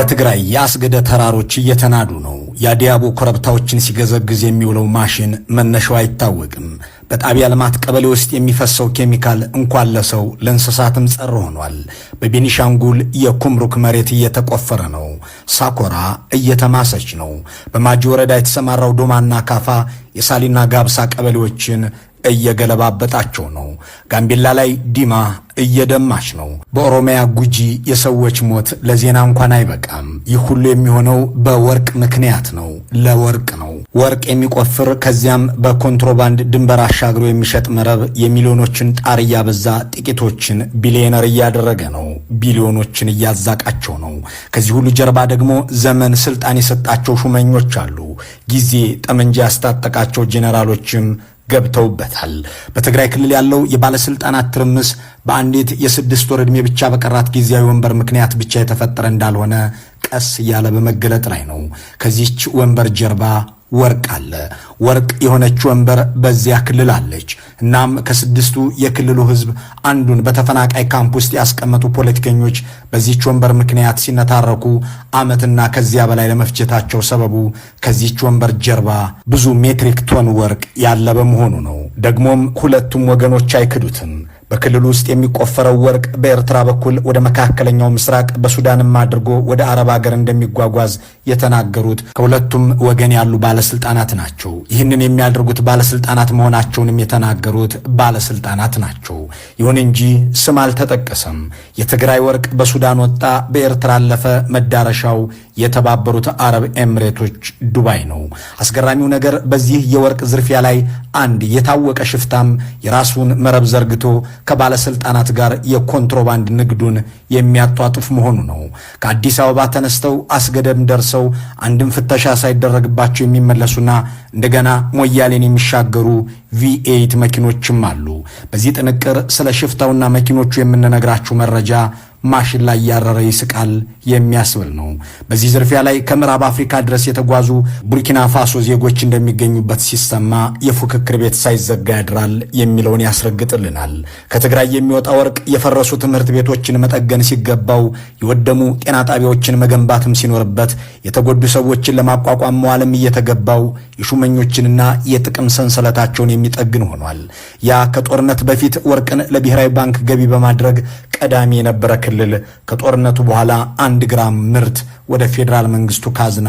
በትግራይ የአስገደ ተራሮች እየተናዱ ነው። የአዲያቦ ኮረብታዎችን ሲገዘግዝ የሚውለው ማሽን መነሻው አይታወቅም። በጣቢያ ልማት ቀበሌ ውስጥ የሚፈሰው ኬሚካል እንኳን ለሰው ለእንስሳትም ጸር ሆኗል። በቤኒሻንጉል የኩምሩክ መሬት እየተቆፈረ ነው። ሳኮራ እየተማሰች ነው። በማጂ ወረዳ የተሰማራው ዶማና ካፋ የሳሊና ጋብሳ ቀበሌዎችን እየገለባበጣቸው ነው። ጋምቤላ ላይ ዲማ እየደማች ነው። በኦሮሚያ ጉጂ የሰዎች ሞት ለዜና እንኳን አይበቃም። ይህ ሁሉ የሚሆነው በወርቅ ምክንያት ነው። ለወርቅ ነው። ወርቅ የሚቆፍር ከዚያም በኮንትሮባንድ ድንበር አሻግሮ የሚሸጥ መረብ የሚሊዮኖችን ጣር እያበዛ ጥቂቶችን ቢሊዮነር እያደረገ ነው። ቢሊዮኖችን እያዛቃቸው ነው። ከዚህ ሁሉ ጀርባ ደግሞ ዘመን ስልጣን የሰጣቸው ሹመኞች አሉ። ጊዜ ጠመንጃ ያስታጠቃቸው ጄኔራሎችም ገብተውበታል። በትግራይ ክልል ያለው የባለስልጣናት ትርምስ በአንዲት የስድስት ወር ዕድሜ ብቻ በቀራት ጊዜያዊ ወንበር ምክንያት ብቻ የተፈጠረ እንዳልሆነ ቀስ እያለ በመገለጥ ላይ ነው። ከዚች ወንበር ጀርባ ወርቅ አለ። ወርቅ የሆነች ወንበር በዚያ ክልል አለች። እናም ከስድስቱ የክልሉ ህዝብ አንዱን በተፈናቃይ ካምፕ ውስጥ ያስቀመጡ ፖለቲከኞች በዚች ወንበር ምክንያት ሲነታረኩ ዓመትና ከዚያ በላይ ለመፍጀታቸው ሰበቡ ከዚች ወንበር ጀርባ ብዙ ሜትሪክ ቶን ወርቅ ያለ በመሆኑ ነው። ደግሞም ሁለቱም ወገኖች አይክዱትም። በክልሉ ውስጥ የሚቆፈረው ወርቅ በኤርትራ በኩል ወደ መካከለኛው ምስራቅ በሱዳንም አድርጎ ወደ አረብ ሀገር እንደሚጓጓዝ የተናገሩት ከሁለቱም ወገን ያሉ ባለስልጣናት ናቸው። ይህንን የሚያደርጉት ባለስልጣናት መሆናቸውንም የተናገሩት ባለስልጣናት ናቸው። ይሁን እንጂ ስም አልተጠቀሰም። የትግራይ ወርቅ በሱዳን ወጣ፣ በኤርትራ አለፈ፣ መዳረሻው የተባበሩት አረብ ኤምሬቶች ዱባይ ነው። አስገራሚው ነገር በዚህ የወርቅ ዝርፊያ ላይ አንድ የታወቀ ሽፍታም የራሱን መረብ ዘርግቶ ከባለስልጣናት ጋር የኮንትሮባንድ ንግዱን የሚያጧጥፍ መሆኑ ነው። ከአዲስ አበባ ተነስተው አስገደም ደርሰው አንድም ፍተሻ ሳይደረግባቸው የሚመለሱና እንደገና ሞያሌን የሚሻገሩ ቪኤይት መኪኖችም አሉ። በዚህ ጥንቅር ስለ ሽፍታውና መኪኖቹ የምንነግራችሁ መረጃ ማሽን ላይ ያረረ ይስቃል የሚያስብል ነው። በዚህ ዝርፊያ ላይ ከምዕራብ አፍሪካ ድረስ የተጓዙ ቡርኪና ፋሶ ዜጎች እንደሚገኙበት ሲሰማ የፉክክር ቤት ሳይዘጋ ያድራል የሚለውን ያስረግጥልናል። ከትግራይ የሚወጣ ወርቅ የፈረሱ ትምህርት ቤቶችን መጠገን ሲገባው፣ የወደሙ ጤና ጣቢያዎችን መገንባትም ሲኖርበት፣ የተጎዱ ሰዎችን ለማቋቋም መዋልም እየተገባው የሹመኞችንና የጥቅም ሰንሰለታቸውን የሚጠግን ሆኗል። ያ ከጦርነት በፊት ወርቅን ለብሔራዊ ባንክ ገቢ በማድረግ ቀዳሚ የነበረ ክልል ከጦርነቱ በኋላ አንድ ግራም ምርት ወደ ፌዴራል መንግስቱ ካዝና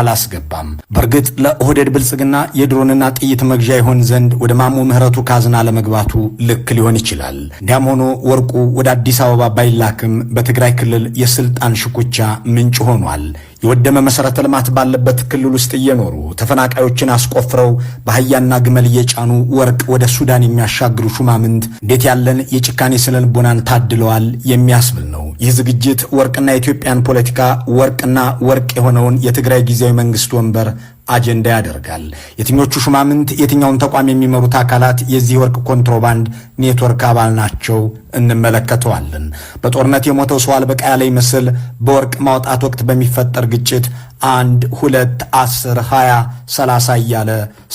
አላስገባም። በእርግጥ ለኦህዴድ ብልጽግና የድሮንና ጥይት መግዣ ይሆን ዘንድ ወደ ማሞ ምህረቱ ካዝና ለመግባቱ ልክ ሊሆን ይችላል። እንዲያም ሆኖ ወርቁ ወደ አዲስ አበባ ባይላክም በትግራይ ክልል የስልጣን ሽኩቻ ምንጭ ሆኗል። የወደመ መሰረተ ልማት ባለበት ክልል ውስጥ እየኖሩ ተፈናቃዮችን አስቆፍረው በአህያና ግመል እየጫኑ ወርቅ ወደ ሱዳን የሚያሻግሩ ሹማምንት እንዴት ያለን የጭካኔ ስነልቦናን ታድለዋል የሚያስብል ነው። ይህ ዝግጅት ወርቅና የኢትዮጵያን ፖለቲካ ወርቅና ወርቅ የሆነውን የትግራይ ጊዜ የጊዜያዊ መንግስት ወንበር አጀንዳ ያደርጋል። የትኞቹ ሹማምንት የትኛውን ተቋም የሚመሩት አካላት የዚህ ወርቅ ኮንትሮባንድ ኔትወርክ አባል ናቸው እንመለከተዋለን። በጦርነት የሞተው ሰው አልበቃ ያለ ይመስል በወርቅ ማውጣት ወቅት በሚፈጠር ግጭት አንድ ሁለት አስር ሀያ ሰላሳ እያለ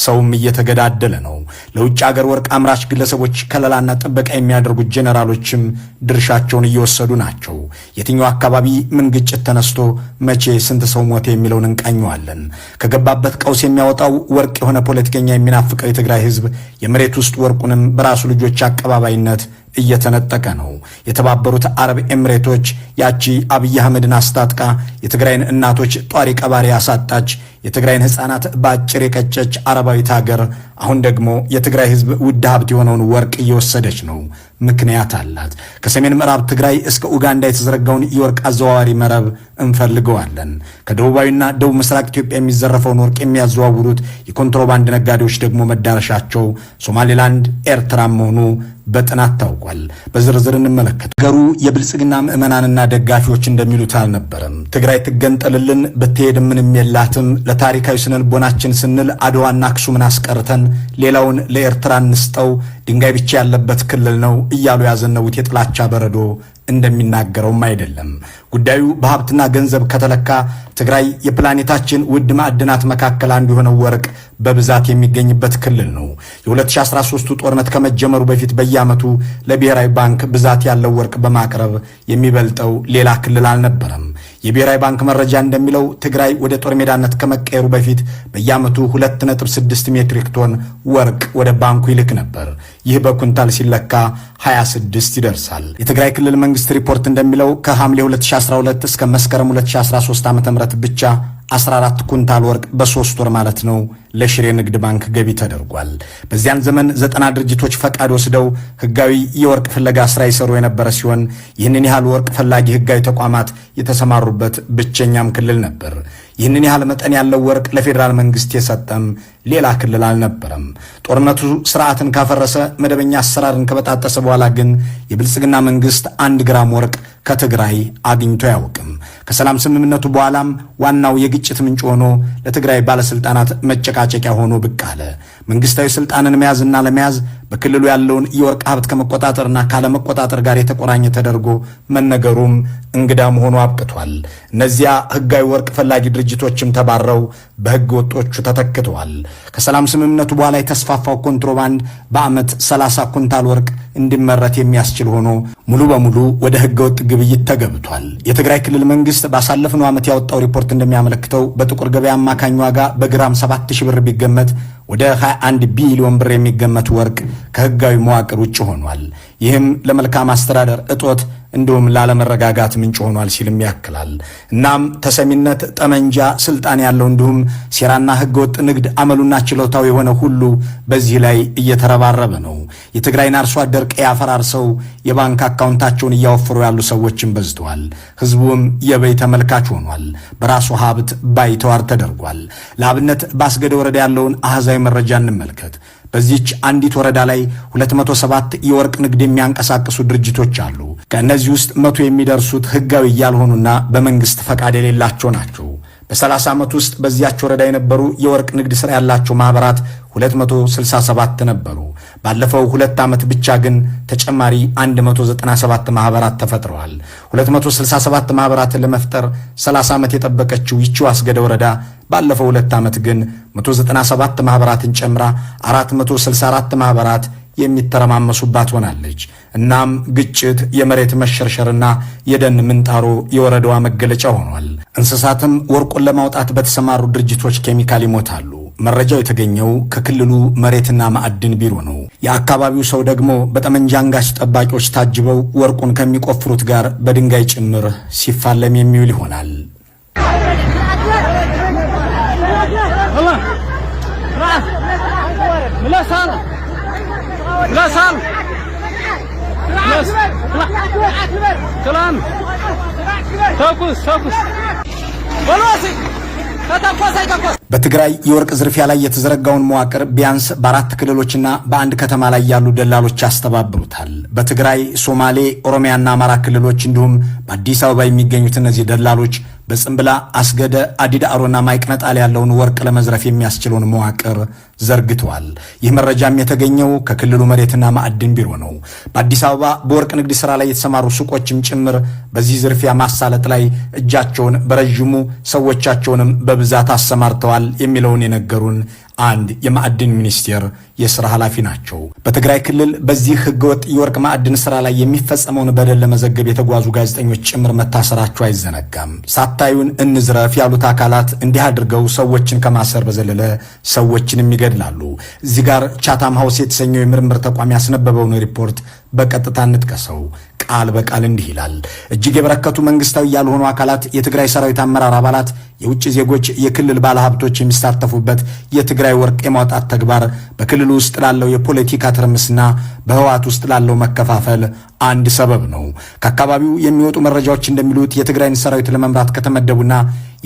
ሰውም እየተገዳደለ ነው። ለውጭ አገር ወርቅ አምራች ግለሰቦች ከለላና ጥበቃ የሚያደርጉት ጄኔራሎችም ድርሻቸውን እየወሰዱ ናቸው። የትኛው አካባቢ ምን ግጭት ተነስቶ መቼ ስንት ሰው ሞተ የሚለውን እንቃኘዋለን። ከገባበት ቀውስ የሚያወጣው ወርቅ የሆነ ፖለቲከኛ የሚናፍቀው የትግራይ ህዝብ የመሬት ውስጥ ወርቁንም በራሱ ልጆች አቀባባይነት እየተነጠቀ ነው። የተባበሩት አረብ ኤምሬቶች ያቺ አብይ አህመድን አስታጥቃ የትግራይን እናቶች ጧሪ ቀባሪ ያሳጣች የትግራይን ህፃናት በአጭር የቀጨች አረባዊት ሀገር አሁን ደግሞ የትግራይ ህዝብ ውድ ሀብት የሆነውን ወርቅ እየወሰደች ነው። ምክንያት አላት። ከሰሜን ምዕራብ ትግራይ እስከ ኡጋንዳ የተዘረጋውን የወርቅ አዘዋዋሪ መረብ እንፈልገዋለን። ከደቡባዊና ደቡብ ምስራቅ ኢትዮጵያ የሚዘረፈውን ወርቅ የሚያዘዋውሩት የኮንትሮባንድ ነጋዴዎች ደግሞ መዳረሻቸው ሶማሌላንድ፣ ኤርትራ መሆኑ በጥናት ታውቋል። በዝርዝር እንመለከት። ሀገሩ የብልጽግና ምዕመናንና ደጋፊዎች እንደሚሉት አልነበረም። ትግራይ ትገንጠልልን ብትሄድ ምንም የላትም ለታሪካዊ ስነልቦናችን ስንል አድዋና አክሱምን አስቀርተን ሌላውን ለኤርትራ እንስጠው ድንጋይ ብቻ ያለበት ክልል ነው እያሉ ያዘነቡት የጥላቻ በረዶ እንደሚናገረውም አይደለም። ጉዳዩ በሀብትና ገንዘብ ከተለካ ትግራይ የፕላኔታችን ውድ ማዕድናት መካከል አንዱ የሆነው ወርቅ በብዛት የሚገኝበት ክልል ነው። የ2013ቱ ጦርነት ከመጀመሩ በፊት በየዓመቱ ለብሔራዊ ባንክ ብዛት ያለው ወርቅ በማቅረብ የሚበልጠው ሌላ ክልል አልነበረም። የብሔራዊ ባንክ መረጃ እንደሚለው ትግራይ ወደ ጦር ሜዳነት ከመቀየሩ በፊት በየዓመቱ 2.6 ሜትሪክ ቶን ወርቅ ወደ ባንኩ ይልክ ነበር። ይህ በኩንታል ሲለካ 26 ይደርሳል። የትግራይ ክልል መንግስት ሪፖርት እንደሚለው ከሐምሌ 2012 እስከ መስከረም 2013 ዓ ም ብቻ 14 ኩንታል ወርቅ በሶስት ወር ማለት ነው ለሽሬ ንግድ ባንክ ገቢ ተደርጓል። በዚያን ዘመን ዘጠና ድርጅቶች ፈቃድ ወስደው ህጋዊ የወርቅ ፍለጋ ስራ ይሰሩ የነበረ ሲሆን ይህንን ያህል ወርቅ ፈላጊ ህጋዊ ተቋማት የተሰማሩበት ብቸኛም ክልል ነበር። ይህንን ያህል መጠን ያለው ወርቅ ለፌዴራል መንግስት የሰጠም ሌላ ክልል አልነበረም። ጦርነቱ ስርዓትን ካፈረሰ፣ መደበኛ አሰራርን ከበጣጠሰ በኋላ ግን የብልጽግና መንግስት አንድ ግራም ወርቅ ከትግራይ አግኝቶ አያውቅም። ከሰላም ስምምነቱ በኋላም ዋናው የግጭት ምንጭ ሆኖ ለትግራይ ባለስልጣናት መጨቃጨቂያ ሆኖ ብቅ አለ። መንግስታዊ ስልጣንን መያዝና ለመያዝ በክልሉ ያለውን የወርቅ ሀብት ከመቆጣጠርና ካለመቆጣጠር ጋር የተቆራኘ ተደርጎ መነገሩም እንግዳ መሆኑ አብቅቷል። እነዚያ ህጋዊ ወርቅ ፈላጊ ድርጅቶችም ተባረው በህገ ወጦቹ ተተክተዋል። ከሰላም ስምምነቱ በኋላ የተስፋፋው ኮንትሮባንድ በዓመት 30 ኩንታል ወርቅ እንዲመረት የሚያስችል ሆኖ ሙሉ በሙሉ ወደ ህገ ወጥ ግብይት ተገብቷል። የትግራይ ክልል መንግስት ባሳለፍነው ዓመት ያወጣው ሪፖርት እንደሚያመለክተው በጥቁር ገበያ አማካኝ ዋጋ በግራም 7000 ብር ቢገመት ወደ 21 ቢሊዮን ብር የሚገመት ወርቅ ከህጋዊ መዋቅር ውጭ ሆኗል። ይህም ለመልካም አስተዳደር እጦት እንዲሁም ላለመረጋጋት ምንጭ ሆኗል ሲልም ያክላል። እናም ተሰሚነት ጠመንጃ ስልጣን ያለው እንዲሁም ሴራና ህገወጥ ንግድ አመሉና ችሎታው የሆነ ሁሉ በዚህ ላይ እየተረባረበ ነው። የትግራይን አርሶ አደር ቀይ አፈራርሰው የባንክ አካውንታቸውን እያወፈሩ ያሉ ሰዎችም በዝተዋል። ህዝቡም የበይ ተመልካች ሆኗል። በራሱ ሀብት ባይተዋር ተደርጓል። ለአብነት ባስገደ ወረዳ ያለውን አህዛዊ መረጃ እንመልከት። በዚች አንዲት ወረዳ ላይ 207 የወርቅ ንግድ የሚያንቀሳቅሱ ድርጅቶች አሉ። ከእነዚህ ውስጥ መቶ የሚደርሱት ህጋዊ ያልሆኑና በመንግስት ፈቃድ የሌላቸው ናቸው። በ30 ዓመት ውስጥ በዚያች ወረዳ የነበሩ የወርቅ ንግድ ሥራ ያላቸው ማኅበራት 267 ነበሩ። ባለፈው ሁለት ዓመት ብቻ ግን ተጨማሪ 197 ማኅበራት ተፈጥረዋል። 267 ማኅበራትን ለመፍጠር 30 ዓመት የጠበቀችው ይቺው አስገደ ወረዳ ባለፈው ሁለት ዓመት ግን 197 ማኅበራትን ጨምራ 464 ማኅበራት የሚተረማመሱባት ሆናለች። እናም ግጭት፣ የመሬት መሸርሸርና የደን ምንጣሩ የወረዳዋ መገለጫ ሆኗል። እንስሳትም ወርቁን ለማውጣት በተሰማሩ ድርጅቶች ኬሚካል ይሞታሉ። መረጃው የተገኘው ከክልሉ መሬትና ማዕድን ቢሮ ነው። የአካባቢው ሰው ደግሞ በጠመንጃ አንጋች ጠባቂዎች ታጅበው ወርቁን ከሚቆፍሩት ጋር በድንጋይ ጭምር ሲፋለም የሚውል ይሆናል። ለሳል ክላን ተኩስ ተኩስ በሎሲ በትግራይ የወርቅ ዝርፊያ ላይ የተዘረጋውን መዋቅር ቢያንስ በአራት ክልሎችና በአንድ ከተማ ላይ ያሉ ደላሎች ያስተባብሩታል። በትግራይ፣ ሶማሌ፣ ኦሮሚያና አማራ ክልሎች እንዲሁም በአዲስ አበባ የሚገኙት እነዚህ ደላሎች በጽምብላ አስገደ አዲዳ አሮና ማይቅነጣል ያለውን ወርቅ ለመዝረፍ የሚያስችለውን መዋቅር ዘርግተዋል። ይህ መረጃም የተገኘው ከክልሉ መሬትና ማዕድን ቢሮ ነው። በአዲስ አበባ በወርቅ ንግድ ስራ ላይ የተሰማሩ ሱቆችም ጭምር በዚህ ዝርፊያ ማሳለጥ ላይ እጃቸውን በረዥሙ ሰዎቻቸውንም በብዛት አሰማርተዋል የሚለውን የነገሩን አንድ የማዕድን ሚኒስቴር የስራ ኃላፊ ናቸው። በትግራይ ክልል በዚህ ህገወጥ የወርቅ ማዕድን ስራ ላይ የሚፈጸመውን በደል ለመዘገብ የተጓዙ ጋዜጠኞች ጭምር መታሰራቸው አይዘነጋም። ሳታዩን እንዝረፍ ያሉት አካላት እንዲህ አድርገው ሰዎችን ከማሰር በዘለለ ሰዎችንም ይገድላሉ። እዚህ ጋር ቻታም ሀውስ የተሰኘው የምርምር ተቋም ያስነበበውን ሪፖርት በቀጥታ እንጥቀሰው። ቃል በቃል እንዲህ ይላል። እጅግ የበረከቱ መንግስታዊ ያልሆኑ አካላት የትግራይ ሰራዊት አመራር አባላት፣ የውጭ ዜጎች፣ የክልል ባለሀብቶች የሚሳተፉበት የትግራይ ወርቅ የማውጣት ተግባር በክልሉ ውስጥ ላለው የፖለቲካ ትርምስና በህወሓት ውስጥ ላለው መከፋፈል አንድ ሰበብ ነው። ከአካባቢው የሚወጡ መረጃዎች እንደሚሉት የትግራይን ሰራዊት ለመምራት ከተመደቡና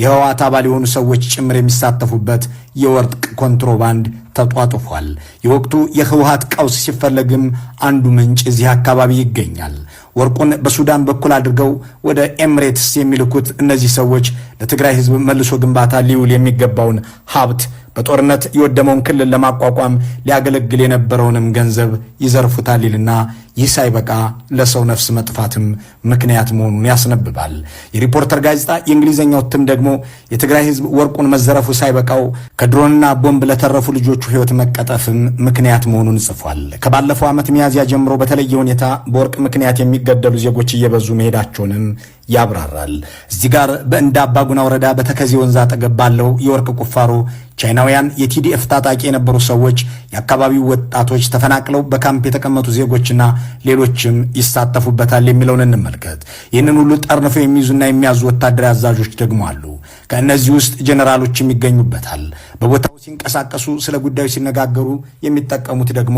የህወሓት አባል የሆኑ ሰዎች ጭምር የሚሳተፉበት የወርቅ ኮንትሮባንድ ተጧጡፏል። የወቅቱ የህወሓት ቀውስ ሲፈለግም አንዱ ምንጭ እዚህ አካባቢ ይገኛል። ወርቁን በሱዳን በኩል አድርገው ወደ ኤምሬትስ የሚልኩት እነዚህ ሰዎች ለትግራይ ሕዝብ መልሶ ግንባታ ሊውል የሚገባውን ሀብት በጦርነት የወደመውን ክልል ለማቋቋም ሊያገለግል የነበረውንም ገንዘብ ይዘርፉታል ይልና ይህ ሳይበቃ ለሰው ነፍስ መጥፋትም ምክንያት መሆኑን ያስነብባል። የሪፖርተር ጋዜጣ የእንግሊዝኛው እትም ደግሞ የትግራይ ሕዝብ ወርቁን መዘረፉ ሳይበቃው ከድሮንና ቦምብ ለተረፉ ልጆቹ ሕይወት መቀጠፍም ምክንያት መሆኑን ጽፏል። ከባለፈው ዓመት ሚያዝያ ጀምሮ በተለየ ሁኔታ በወርቅ ምክንያት የሚገደሉ ዜጎች እየበዙ መሄዳቸውንም ያብራራል። እዚህ ጋር በእንዳ አባጉና ወረዳ በተከዜ ወንዝ አጠገብ ባለው የወርቅ ቁፋሮ ቻይናውያን የቲዲኤፍ ታጣቂ የነበሩ ሰዎች፣ የአካባቢው ወጣቶች፣ ተፈናቅለው በካምፕ የተቀመጡ ዜጎችና ሌሎችም ይሳተፉበታል የሚለውን እንመልከት። ይህንን ሁሉ ጠርንፈው የሚይዙና የሚያዙ ወታደራዊ አዛዦች ደግሞ አሉ። ከእነዚህ ውስጥ ጀኔራሎችም ይገኙበታል። በቦታው ሲንቀሳቀሱ ስለ ጉዳዩ ሲነጋገሩ የሚጠቀሙት ደግሞ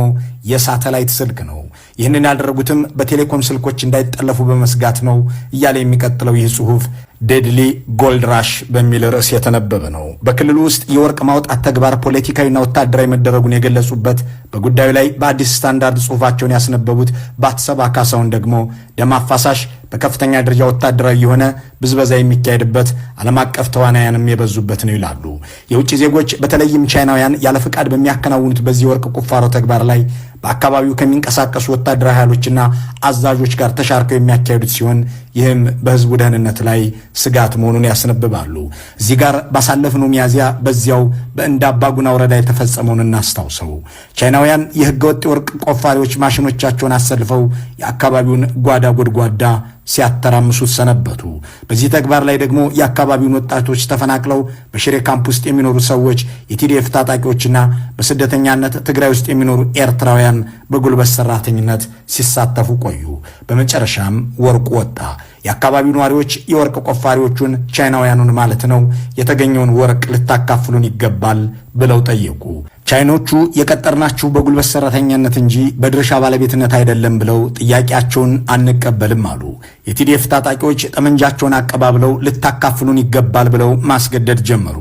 የሳተላይት ስልክ ነው። ይህንን ያደረጉትም በቴሌኮም ስልኮች እንዳይጠለፉ በመስጋት ነው እያለ የሚቀጥለው ይህ ጽሑፍ ዴድሊ ጎልድ ራሽ በሚል ርዕስ የተነበበ ነው። በክልሉ ውስጥ የወርቅ ማውጣት ተግባር ፖለቲካዊና ወታደራዊ መደረጉን የገለጹበት በጉዳዩ ላይ በአዲስ ስታንዳርድ ጽሑፋቸውን ያስነበቡት ባትሰባ ካሳውን ደግሞ ደም አፋሳሽ በከፍተኛ ደረጃ ወታደራዊ የሆነ ብዝበዛ የሚካሄድበት ዓለም አቀፍ ተዋናያንም የበዙበት ነው ይላሉ። የውጭ ዜጎች በተለይም ቻይናውያን ያለ ፍቃድ በሚያከናውኑት በዚህ ወርቅ ቁፋሮ ተግባር ላይ በአካባቢው ከሚንቀሳቀሱ ወታደራዊ ኃይሎችና አዛዦች ጋር ተሻርከው የሚያካሄዱት ሲሆን ይህም በህዝቡ ደህንነት ላይ ስጋት መሆኑን ያስነብባሉ። እዚህ ጋር ባሳለፍነው ሚያዝያ በዚያው በእንዳባጉና ወረዳ የተፈጸመውን እናስታውሰው። ቻይናውያን የህገወጥ የወርቅ ቆፋሪዎች ማሽኖቻቸውን አሰልፈው የአካባቢውን ጓዳ ጎድጓዳ ሲያተራምሱት ሰነበቱ። በዚህ ተግባር ላይ ደግሞ የአካባቢውን ወጣቶች ተፈናቅለው በሽሬ ካምፕ ውስጥ የሚኖሩ ሰዎች፣ የቲዲኤፍ ታጣቂዎችና በስደተኛነት ትግራይ ውስጥ የሚኖሩ ኤርትራውያን ቀን በጉልበት ሰራተኝነት ሲሳተፉ ቆዩ። በመጨረሻም ወርቁ ወጣ። የአካባቢው ነዋሪዎች የወርቅ ቆፋሪዎቹን ቻይናውያኑን ማለት ነው የተገኘውን ወርቅ ልታካፍሉን ይገባል ብለው ጠየቁ። ቻይኖቹ የቀጠርናችሁ በጉልበት ሰራተኛነት እንጂ በድርሻ ባለቤትነት አይደለም ብለው ጥያቄያቸውን አንቀበልም አሉ። የቲዲኤፍ ታጣቂዎች ጠመንጃቸውን አቀባብለው ልታካፍሉን ይገባል ብለው ማስገደድ ጀመሩ።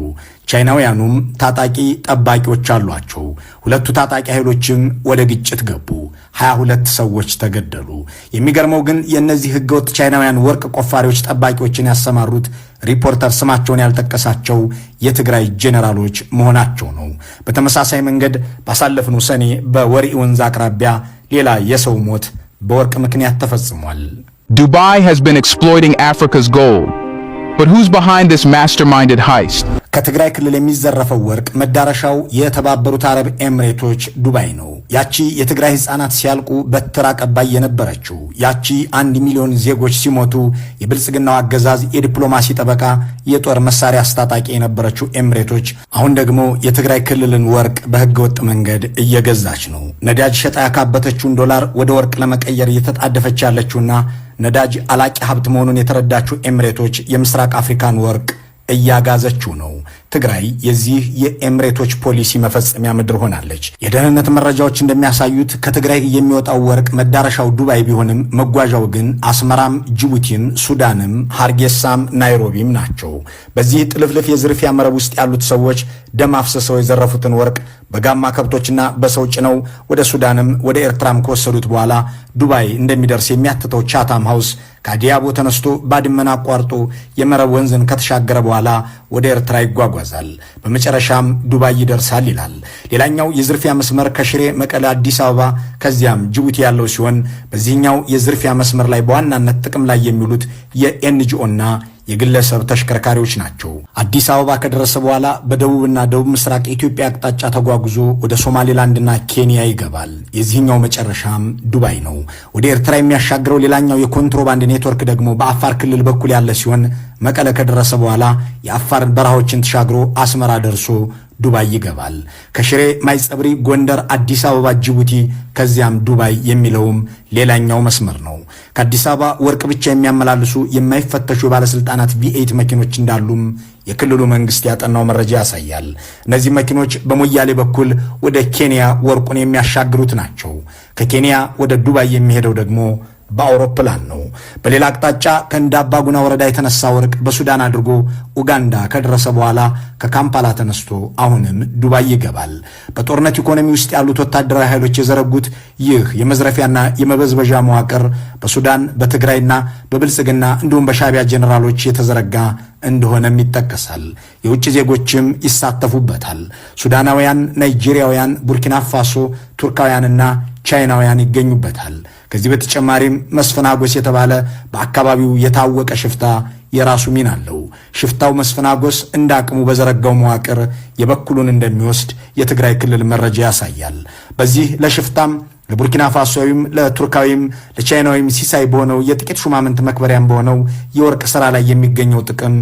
ቻይናውያኑም ታጣቂ ጠባቂዎች አሏቸው። ሁለቱ ታጣቂ ኃይሎችም ወደ ግጭት ገቡ። ሀያ ሁለት ሰዎች ተገደሉ። የሚገርመው ግን የእነዚህ ህገወጥ ቻይናውያን ወርቅ ቆፋሪዎች ጠባቂዎችን ያሰማሩት ሪፖርተር ስማቸውን ያልጠቀሳቸው የትግራይ ጄኔራሎች መሆናቸው ነው። በተመሳሳይ መንገድ ባሳለፍነው ሰኔ በወሪ ወንዝ አቅራቢያ ሌላ የሰው ሞት በወርቅ ምክንያት ተፈጽሟል። ዱባይ ሃዝ ቢን ኤክስፕሎይቲንግ አፍሪካስ ጎልድ But who's behind this masterminded heist? ከትግራይ ክልል የሚዘረፈው ወርቅ መዳረሻው የተባበሩት አረብ ኤምሬቶች ዱባይ ነው። ያቺ የትግራይ ሕፃናት ሲያልቁ በትር አቀባይ የነበረችው ያቺ አንድ ሚሊዮን ዜጎች ሲሞቱ የብልጽግናው አገዛዝ የዲፕሎማሲ ጠበቃ፣ የጦር መሳሪያ አስታጣቂ የነበረችው ኤምሬቶች አሁን ደግሞ የትግራይ ክልልን ወርቅ በህገወጥ መንገድ እየገዛች ነው። ነዳጅ ሸጣ ያካበተችውን ዶላር ወደ ወርቅ ለመቀየር እየተጣደፈች ያለችውና ነዳጅ አላቂ ሀብት መሆኑን የተረዳችው ኤምሬቶች የምስራቅ አፍሪካን ወርቅ እያጋዘችው ነው። ትግራይ የዚህ የኤምሬቶች ፖሊሲ መፈጸሚያ ምድር ሆናለች። የደህንነት መረጃዎች እንደሚያሳዩት ከትግራይ የሚወጣው ወርቅ መዳረሻው ዱባይ ቢሆንም መጓዣው ግን አስመራም፣ ጅቡቲም፣ ሱዳንም፣ ሃርጌሳም ናይሮቢም ናቸው። በዚህ ጥልፍልፍ የዝርፊያ መረብ ውስጥ ያሉት ሰዎች ደም አፍስሰው የዘረፉትን ወርቅ በጋማ ከብቶችና በሰው ጭነው ወደ ሱዳንም ወደ ኤርትራም ከወሰዱት በኋላ ዱባይ እንደሚደርስ የሚያትተው ቻታም ሃውስ ከአዲያቦ ተነስቶ ባድመን አቋርጦ የመረብ ወንዝን ከተሻገረ በኋላ ወደ ኤርትራ ይጓጓል። ይጓዛል፣ በመጨረሻም ዱባይ ይደርሳል ይላል። ሌላኛው የዝርፊያ መስመር ከሽሬ መቀለ፣ አዲስ አበባ ከዚያም ጅቡቲ ያለው ሲሆን በዚህኛው የዝርፊያ መስመር ላይ በዋናነት ጥቅም ላይ የሚውሉት የኤንጂኦና የግለሰብ ተሽከርካሪዎች ናቸው። አዲስ አበባ ከደረሰ በኋላ በደቡብና ደቡብ ምስራቅ ኢትዮጵያ አቅጣጫ ተጓጉዞ ወደ ሶማሌላንድና ኬንያ ይገባል። የዚህኛው መጨረሻም ዱባይ ነው። ወደ ኤርትራ የሚያሻግረው ሌላኛው የኮንትሮባንድ ኔትወርክ ደግሞ በአፋር ክልል በኩል ያለ ሲሆን መቀለ ከደረሰ በኋላ የአፋር በረሃዎችን ተሻግሮ አስመራ ደርሶ ዱባይ ይገባል። ከሽሬ ማይጸብሪ፣ ጎንደር፣ አዲስ አበባ፣ ጅቡቲ ከዚያም ዱባይ የሚለውም ሌላኛው መስመር ነው። ከአዲስ አበባ ወርቅ ብቻ የሚያመላልሱ የማይፈተሹ ባለስልጣናት ቪኤት መኪኖች እንዳሉም የክልሉ መንግስት ያጠናው መረጃ ያሳያል። እነዚህ መኪኖች በሞያሌ በኩል ወደ ኬንያ ወርቁን የሚያሻግሩት ናቸው። ከኬንያ ወደ ዱባይ የሚሄደው ደግሞ በአውሮፕላን ነው። በሌላ አቅጣጫ ከእንደ አባጉና ወረዳ የተነሳ ወርቅ በሱዳን አድርጎ ኡጋንዳ ከደረሰ በኋላ ከካምፓላ ተነስቶ አሁንም ዱባይ ይገባል። በጦርነት ኢኮኖሚ ውስጥ ያሉት ወታደራዊ ኃይሎች የዘረጉት ይህ የመዝረፊያና የመበዝበዣ መዋቅር በሱዳን በትግራይና በብልጽግና እንዲሁም በሻቢያ ጄኔራሎች የተዘረጋ እንደሆነም ይጠቀሳል። የውጭ ዜጎችም ይሳተፉበታል። ሱዳናውያን፣ ናይጄሪያውያን፣ ቡርኪና ፋሶ፣ ቱርካውያንና ቻይናውያን ይገኙበታል። ከዚህ በተጨማሪም መስፈናጎስ የተባለ በአካባቢው የታወቀ ሽፍታ የራሱ ሚና አለው። ሽፍታው መስፈናጎስ እንደ አቅሙ በዘረጋው መዋቅር የበኩሉን እንደሚወስድ የትግራይ ክልል መረጃ ያሳያል። በዚህ ለሽፍታም ለቡርኪና ፋሶዊም ለቱርካዊም ለቻይናዊም ሲሳይ በሆነው የጥቂት ሹማምንት መክበሪያም በሆነው የወርቅ ስራ ላይ የሚገኘው ጥቅም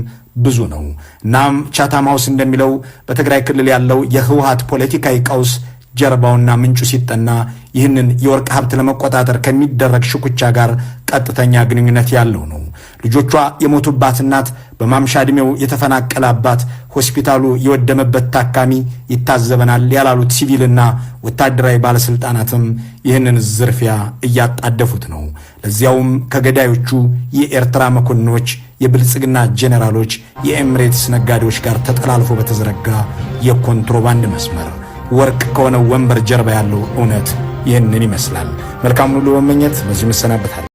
ብዙ ነው። እናም ቻታም እንደሚለው በትግራይ ክልል ያለው የህወሀት ፖለቲካዊ ቀውስ ጀርባውና ምንጩ ሲጠና ይህንን የወርቅ ሀብት ለመቆጣጠር ከሚደረግ ሽኩቻ ጋር ቀጥተኛ ግንኙነት ያለው ነው። ልጆቿ የሞቱባት እናት፣ በማምሻ ዕድሜው የተፈናቀለ አባት፣ ሆስፒታሉ የወደመበት ታካሚ ይታዘበናል ያላሉት ሲቪልና ወታደራዊ ባለሥልጣናትም ይህንን ዝርፊያ እያጣደፉት ነው። ለዚያውም ከገዳዮቹ የኤርትራ መኮንኖች፣ የብልጽግና ጄኔራሎች፣ የኤምሬትስ ነጋዴዎች ጋር ተጠላልፎ በተዘረጋ የኮንትሮባንድ መስመር ወርቅ ከሆነ ወንበር ጀርባ ያለው እውነት ይህንን ይመስላል። መልካም ሁሉ መመኘት በዚሁ መሰናበታል።